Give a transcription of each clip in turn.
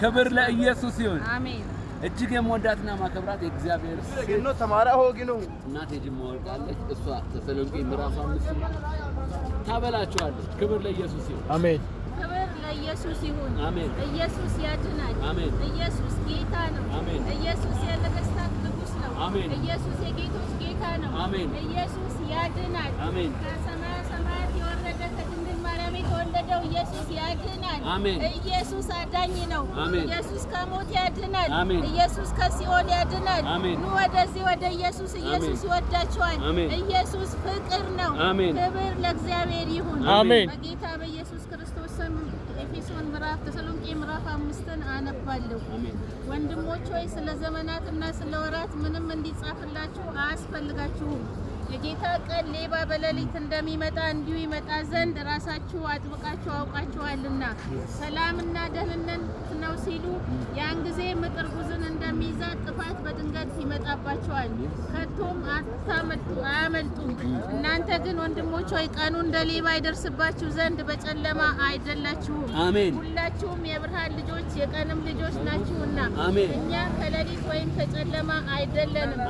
ክብር ለኢየሱስ ይሁን። አሜን። እጅግ የምወዳትና ማከብራት የእግዚአብሔር ግን ነው ተማራ ሆጊ ነው እናት ጅማ ወልዳለች። እሷ ተሰሎንቄ ምዕራፍ አምስት ታበላችኋለች። ክብር ለኢየሱስ ይሁን። አሜን። ክብር ለኢየሱስ ይሁን። አሜን። ኢየሱስ ያድናል። አሜን። ኢየሱስ ጌታ ነው። አሜን። ኢየሱስ የነገስታት ንጉስ ነው። አሜን። ኢየሱስ የጌቶች ጌታ ነው። አሜን። ኢየሱስ ያድናል። አሜን። ከሰማይ የወለደው ኢየሱስ ያድናል። ኢየሱስ አዳኝ ነው። ኢየሱስ ከሞት ያድናል። ኢየሱስ ከሲኦል ያድናል። ኑ ወደዚህ ወደ ኢየሱስ። ኢየሱስ ይወዳችኋል። ኢየሱስ ፍቅር ነው። ክብር ለእግዚአብሔር ይሁን። አሜን። በጌታ በኢየሱስ ክርስቶስ ስም ኤፌሶን ምዕራፍ ተሰሎንቄ ምዕራፍ አምስትን አነባለሁ። ወንድሞች ሆይ ስለ ዘመናትና ስለ ወራት ምንም እንዲጻፍላችሁ አያስፈልጋችሁም። የጌታ ቀን ሌባ በሌሊት እንደሚመጣ እንዲሁ ይመጣ ዘንድ ራሳችሁ አጥብቃችሁ አውቃችኋልና ሰላምና ደህንነት ነው ሲሉ ያን ጊዜ ምጥ እርጉዝን እንደሚይዛት መንገድ ይመጣባቸዋል፣ ከቶም አያመልጡም። እናንተ ግን ወንድሞች ሆይ ቀኑ እንደ ሌባ ይደርስባችሁ ዘንድ በጨለማ አይደላችሁም፣ ሁላችሁም የብርሃን ልጆች የቀንም ልጆች ናችሁና። እኛ ከሌሊት ወይም ከጨለማ አይደለንም።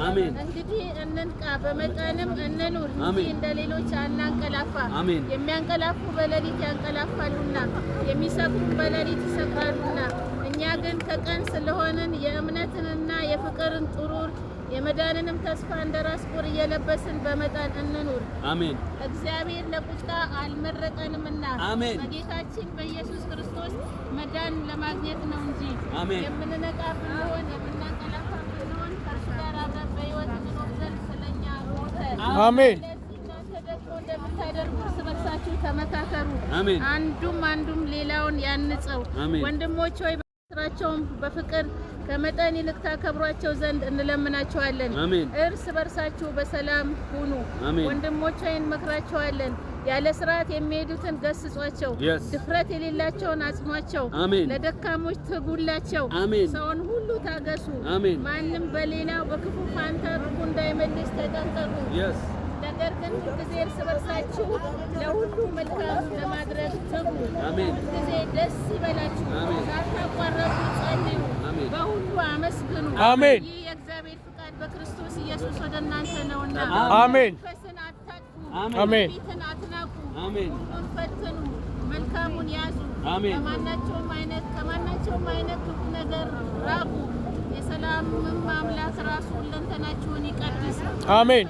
እንግዲህ እንንቃ፣ በመጠንም እንኑር እንጂ እንደ ሌሎች አናንቀላፋ። የሚያንቀላፉ በሌሊት ያንቀላፋሉና፣ የሚሰክሩም በሌሊት ይሰክራሉና እኛ ግን ከቀን ስለሆንን የእምነትንና የፍቅርን ጥሩር የመዳንንም ተስፋ እንደ ራስ ቁር እየለበስን በመጠን እንኑር። አሜን። እግዚአብሔር ለቁጣ አልመረጠንምና በጌታችን በኢየሱስ ክርስቶስ መዳን ለማግኘት ነው እንጂ የምንነቃ ብንሆን የምናንቀላፋ ብንሆን ከእርሱ ጋር አብረን በሕይወት እንኖር ዘንድ ስለኛ ሞተ። አሜን። ተመካከሩ፣ አንዱም አንዱም ሌላውን ያንጸው። ወንድሞች ሆይ ስራቸውን በፍቅር ከመጠን ይልቅ ታከብሯቸው ዘንድ እንለምናቸዋለን። እርስ በርሳችሁ በሰላም ሁኑ። ወንድሞቻይን መክራቸዋለን። ያለ ስርዓት የሚሄዱትን ገስጿቸው፣ ድፍረት የሌላቸውን አጽኗቸው፣ ለደካሞች ትጉላቸው፣ ሰውን ሁሉ ታገሱ። ማንም በሌላው በክፉ ፋንታ ክፉ እንዳይመልስ ተጠንቀቁ። ነገር ግን ሁልጊዜ እርስ በርሳችሁ ለሁሉ መልካም ለማድረግ ትጉ። ደስ ይበላችሁ፣ ሳታቋረጡ ጸልዩ፣ በሁሉ አመስግኑ። አሜን። ይህ የእግዚአብሔር ፍቃድ በክርስቶስ ኢየሱስ ወደ እናንተ ነውና። አሜን። መንፈስን አታጥፉ፣ ትንቢትን አትናቁ፣ ሁሉን ፈትኑ፣ መልካሙን ያዙ። ከማናቸውም አይነት ከማናቸውም አይነት ክፉ ነገር ራቁ። የሰላምም አምላክ ራሱ ሁለንተናችሁን ይቀድስ። አሜን።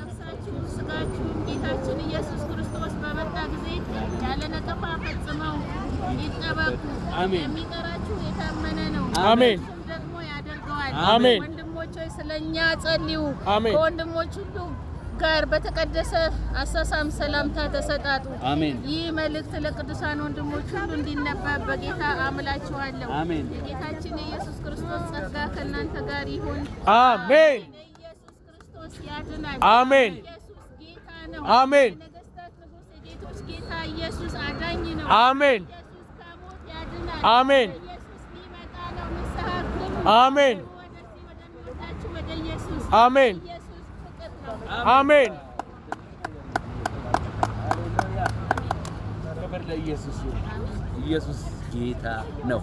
ነፍሳችሁ ስጋችሁ ጌታችን ኢየሱስ የሚቀራችሁ የታመነ ነው፣ አሜን ደግሞ ያደርገዋል። አሜን። ወንድሞች ስለኛ ጸልዩ። ከወንድሞች ሁሉ ጋር በተቀደሰ አሳሳም ሰላምታ ተሰጣጡ። አሜን። ይህ መልእክት ለቅዱሳን ወንድሞች ሁሉ እንዲነበብ በጌታ አምላችኋለሁ። አሜን። የጌታችን የኢየሱስ ክርስቶስ ጸጋ ከእናንተ ጋር ይሁን። አሜን። ኢየሱስ ክርስቶስ ያድናል። አሜን። ኢየሱስ ጌታ ነው። አሜን። የነገስታት ንጉሥ የጌቶች ጌታ ኢየሱስ አዳኝ ነው። አሜን። አሜን አሜን አሜን አሜን። ኢየሱስ ጌታ ነው።